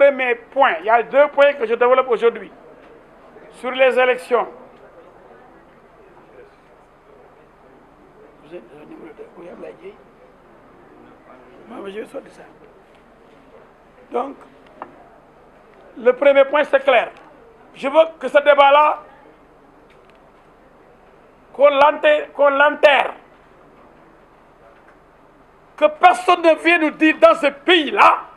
premier point, il y a deux points que je développe aujourd'hui sur les élections. Donc, le premier point, c'est clair. Je veux que ce débat-là, qu'on l'enterre, que personne ne vienne nous dire dans ce pays-là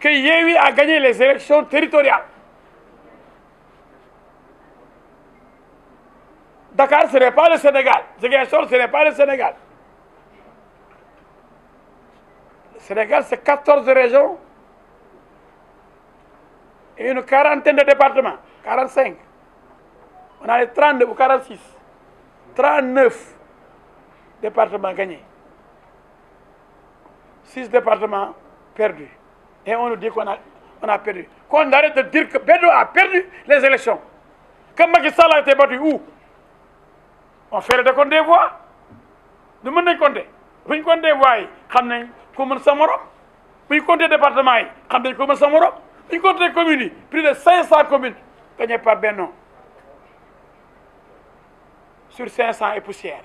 que Yéwi a gagné les élections territoriales. Dakar, ce n'est pas le Sénégal. Ziguinchor, ce n'est pas le Sénégal. Le Sénégal, c'est 14 régions et une quarantaine de départements, 45. On a les 32 ou 46, 39 départements gagnés, 6 départements perdus. Et on nous dit qu'on a, perdu. Qu'on arrête de dire que Bédou a perdu les élections. Que Macky a été battu où On fait le compte des voix. Nous ne compter. Vous compter voix, vous comment de Vous comptez département, vous comment Vous comptez communes, plus de 500 communes pas, Sur 500 et poussière.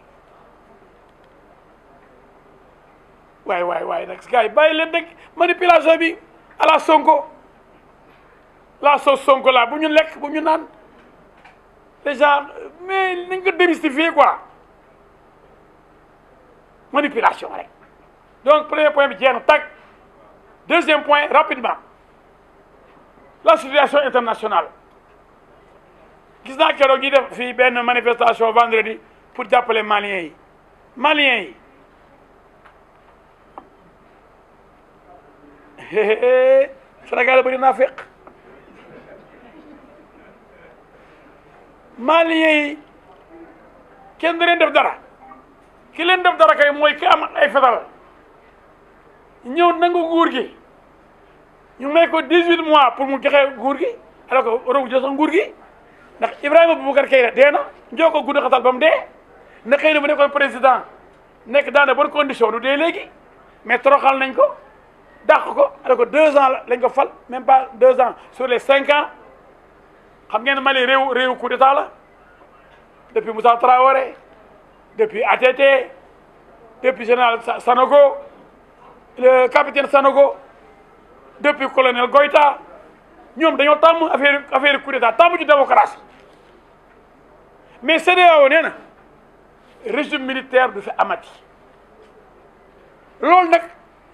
Oui, oui, oui, manipulation la sonko la Songo. sonko la bu ñu lekk bu ñu naan déjà mais nañ démystifier quoi manipulation donc premier point je deuxième point rapidement la situation internationale Qui sait qu'il y def faire une manifestation vendredi pour les maliens maliens Sénégal bëri naa fekk Maliens yi kenn du leen def dara ki leen def dara kay mooy ki am ay fetal ñëw nangu nguur gi ñu may ko dix-huit mois pour mu joxe nguur gi alors que waroon jël sax nguur gi ndax Ibrahima Boubacar Keïta dee na njoo ko gudd xatal ba mu dee na xëy na bu nekkoon président nekk dans de bonnes conditions du dee léegi mais toroxal nañ ko. Il alors deux ans même pas deux ans sur les cinq ans xam ngeen Mali réew réew coup d'état depuis Moussa Traoré depuis ATT depuis général Sanogo le capitaine Sanogo depuis le colonel Goïta nous avons fait affaire affaire coup d'état tàmm une démocratie mais c'est le régimes régime militaire du fi amati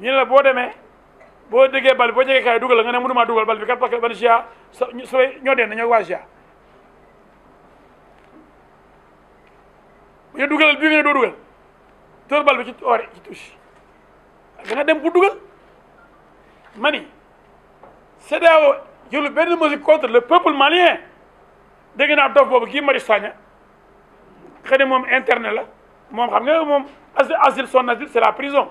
ñu la bo demee boo déggee bal bo jegee kay dugal nga né mënuma dugal bal bi kat parce ban GIA soy ñoo den ñoo wajja bu ñu dugalal bi ñu do doo tor bal bi ci oore ci touche da nga dem bu dugal mani CEDEAO ben mo ci contre le peuple malien eh. dégg na dof bobu ki Mari Sagna eh. xéne mom moom interne la mom xam nga mom asile son asile c'est la prison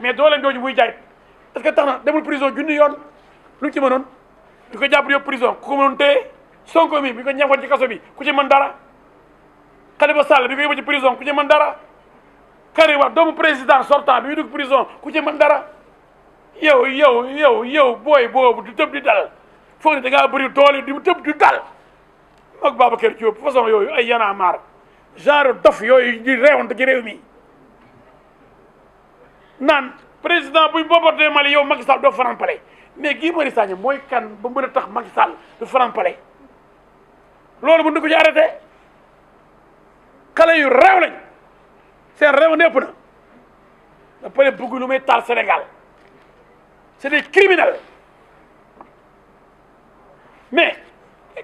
mais dooleem jooju buy jaay parce que tax na demul prison junni yoon lu mu ci mënoon du ko jàpp yóbbu prison ku ko mënoon téye sonko mi bi ko ñàkkoon ci kaso bi ku ci man dara Khalifa Sall bi ko yóbbu ci prison ku ci man dara Karim Wade doomu président sortant bi muy dugg prison ku ci man dara yow yow yow yow booy boobu du tëb di dal foog ne da ngaa bëri tool yi du tëb di dal mag Babacar Diop façon yooyu ay yanaa maar genre dof yooyu di réewante ci réew mi naan président buy boobotee Mali yow Macky doo faram pale mais Guy Marius Sagna mooy kan ba mën a tax Macky Sall du faram pale loolu mën na ko ci arrêté yu réew lañ seen réew népp na da pare bëgg lu may taal Sénégal c'est des mais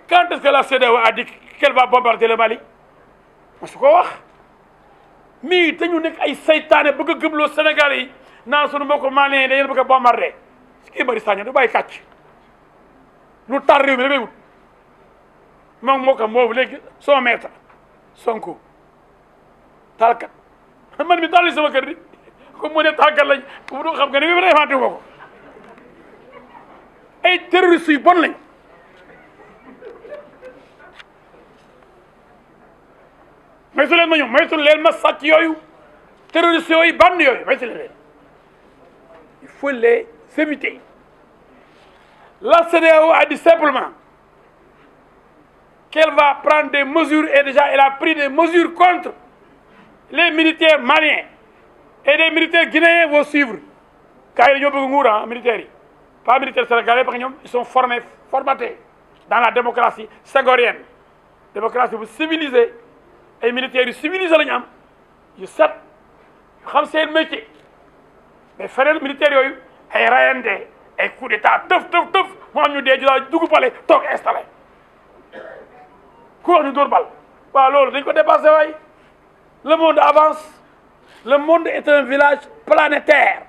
quand est-ce que e e a dit qu'elle va bombarder Mali ma su wax mii dañu nekk ay saytaane bëgg a gëmloo Sénégal yi naan sunu mbokku Maliens yi dañu bëgg a bombardé su kii bëri Sadio du bàyyi kàcc lu tar réew mi da ngay wut moom moo ko moobu léegi soo meeta Sonko man mi tàlli sama kër di comme mu ne talkat lañ bu du xam nga ni bi ba day fàtte ko ay terroristes yu bon lañ Mais leen ma ñu mais leen il faut les éviter la CDAO a dit simplement qu'elle va prendre des mesures et déjà elle a pris des mesures contre les militaires maliens et les militaires guinéens vont suivre car ils ont beaucoup militaires pas militaires sénégalais parce que ils sont formés formatés dans la démocratie ségorienne démocratie civilisée les militaires yu civilisé lañu am yu set xam le métier mais les militaires yooyu ay rayante ay coup d'état tëf tëf tëf mu am ñu dee daal installé bal dañ ko le monde avance le monde est un village planétaire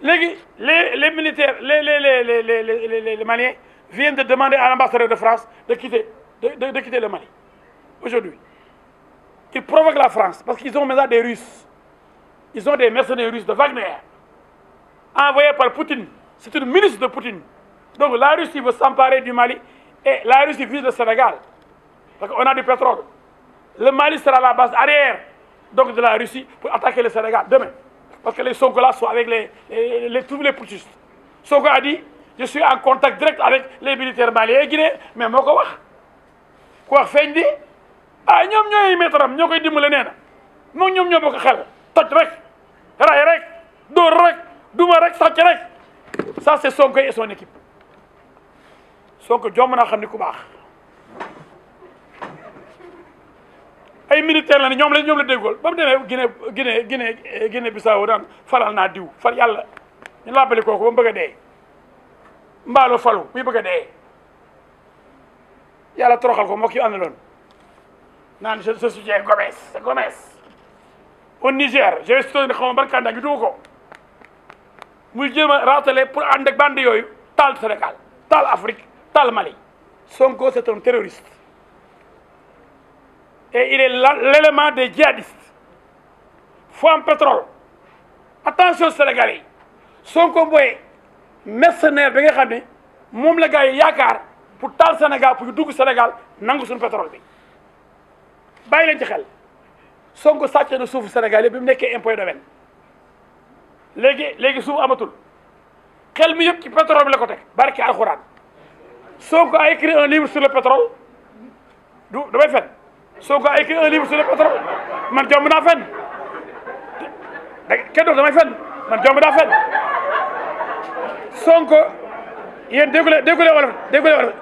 les militaires les les les Maliens viennent de demander à l'ambassadeur de France de quitter de, quitter le Mali. Aujourd'hui, ils provoquent la France parce qu'ils ont maintenant des Russes. Ils ont des mercenaires russes de Wagner, envoyés par Poutine. C'est une ministre de Poutine. Donc la Russie veut s'emparer du Mali et la Russie vise le Sénégal. Parce qu'on a du pétrole. Le Mali sera la base arrière donc de la Russie pour attaquer le Sénégal demain. Parce que les Songolais sont avec les, les, tous les putschistes. Sonko a dit, je suis en contact direct avec les militaires maliens et guinéens, mais moi, wax feeñ di ah ñoom ñooy métaram ñoo koy dimbale nee na moom ñoom ñoo bokk xel toj rek ray rek dóor rek duma rek sàcc rek ça ko Sonko et son équipe Sonko jomb naa xam ni ku baax ay militaire la ñoom la ñoom la déggool ba mu demee Guinée Guinée Guinée eh, Guinée Bissau daan naa diw far yàlla ñu laabali kooku ba mu bëgg a dee mbaaloo falu muy bëgg a dee yalla toroxal ko mbokk yu àndaloon nan je je suis Gomes Gomes au Niger je suis en xam ma ban candidat gi ko muy jéem a pour ànd ak bande yooyu Sénégal tal Afrique tal Mali Sonko c'est un terroriste et il est l'élément des djihadistes foo pétrole attention Sénégalais Son Sonko est mercenaire bi nga xam ne moom la gars yi yaakaar. pour taal Sénégal pour dugg Sénégal nangu suñu pétrole bi bàyyi leen ci xel Sonko sàcc na suufu Sénégal yëpp bi mu nekkee impôt domaine léegi léegi suuf amatul xel mi yëpp ci pétrole bi la ko teg barke alxuraan Sonko a écrit un livre sur le pétrole du damay fen Sonko a écrit un livre sur le pétrole man jomb naa fen kenn doon damay fen man jomb naa fen Sonko yéen déggu leen déggu leen wala déggu leen wala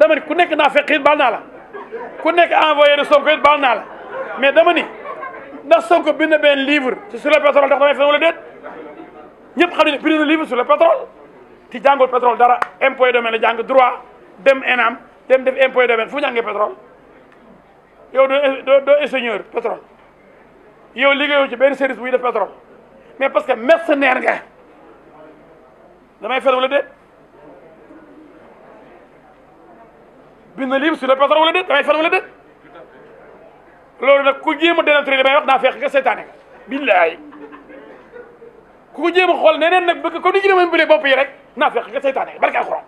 dama ku nekk naa fekk it baal la ku nekk envoyé de Sonko it baal naa la mais dama ni ndax Sonko bind na benn livre ci sur le pétrole ndax damay fen wala déet ñëpp xam ne bind na livre sur le pétrole ti jàngul pétrole dara impôt domaine la jàng droit dem ENAM dem def impôt domaine fu jàngee pétrole yow doo doo ingénieur pétrole yow liggéeyoo ci benn service buy de pétrole mais parce que mercenaire nga damay fen wala بنليم سلبي أثر هذا تبي أثر ولده لورنا كوجي مدرن تري لبيك نافيا خير سيدانة بالله كوجي مخول نين نك بك كوني جري من بلي بابي يرك نافيا خير سيدانة بركة خرا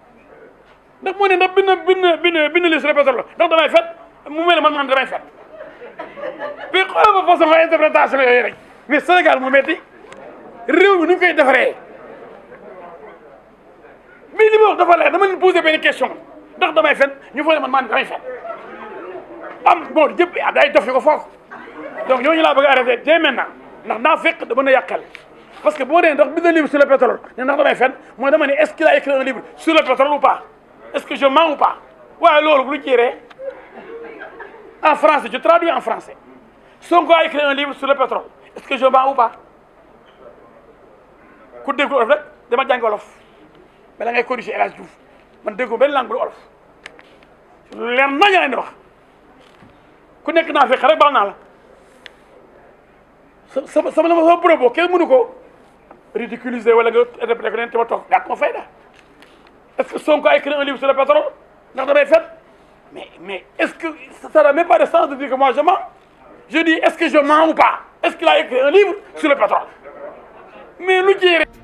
نك موني نك بن بن بن بنليم سلبي أثر ولده نك تبي أثر مميل من من تبي أثر بيقول ما فصل ما ينتبه تاسمه يرك مستعجل قال مميتي ريو نكيد فري مين يبغى تفعله؟ أنا من بوزي بيني كيشون ndax damay fen ñu foog ne man maa damay fen am Maodo jëpp ah day dof ñu ko foofu donc ñooñu laa bëgg a arrêté dès maintenant ndax naa fekk dama na a yàqal parce que boo dee ndax bind livre sur le pétrole ne ndax damay fen mooy dama ne est ce qu'il a écrit un livre sur le pétrole ou pas est ce que je mens ou pas waaye loolu bu ñu en français je traduis en français Sonko a écrit un livre sur le pétrole est ce que je mens ou pas ku dégg wolof rek dama jàng Mais la ngay corriger El Hadj Diouf man déggu ben langue bu olof leer nañ leen wax ku nekk naa fi rek baal naa la sama sama sama propos kenn mënu ko ridiculiser wala nga répété ko neen te ma toog gàtt ma fayda est-ce que Sonko a écrit un livre sur le pétrole ndax damay fen mais mais est-ce que ça n'a même pas de sens de dire que moi je mens je dis est-ce que je mens ou pas est-ce qu'il a écrit un livre sur le pétrole mais lu jeere